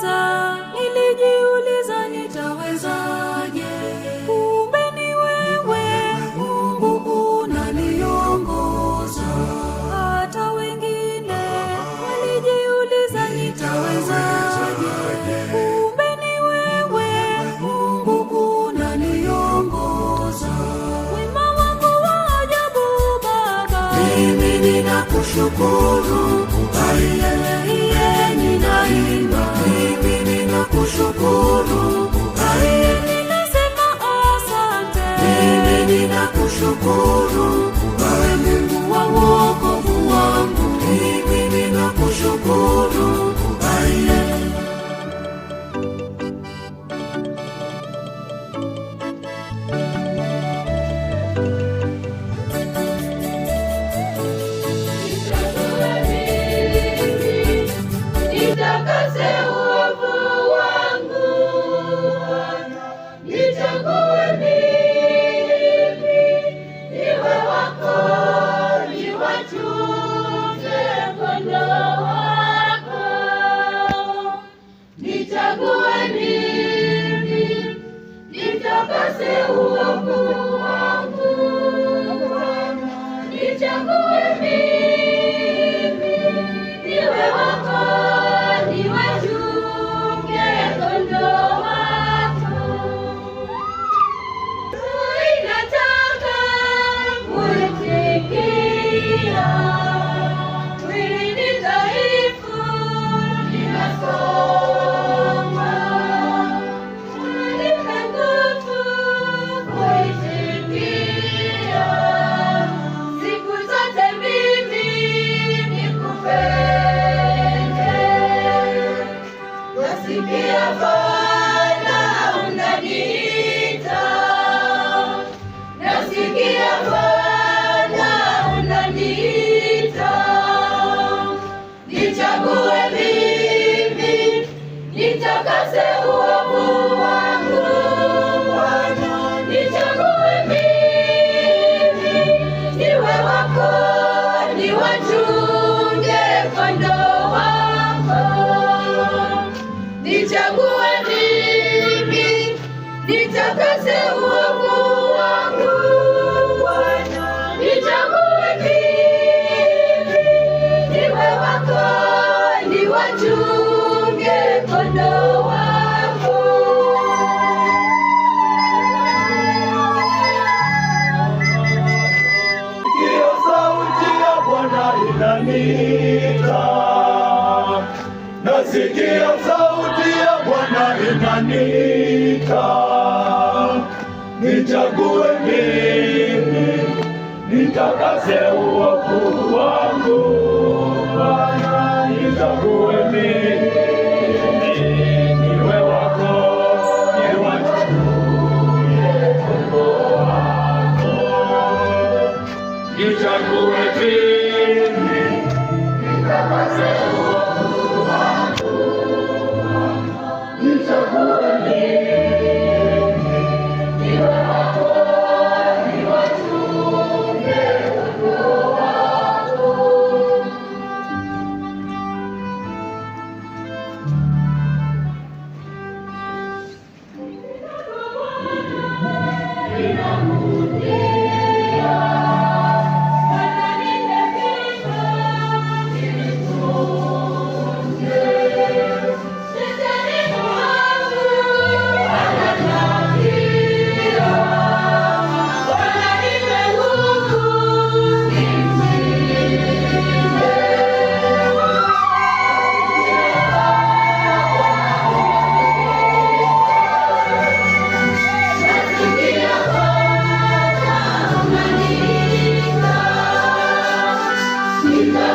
kwanza nilijiuliza nitawezaje, kumbe ni wewe Mungu unaniongoza. Hata wengine walijiuliza nitawezaje, kumbe ni wewe Mungu unaniongoza. Wema wako wa ajabu Baba, mimi ninakushukuru Kuku Jehovah. inaniita, nasikia sauti ya Bwana inanita nichague mimi nitakase uovu wangu ¡Gracias!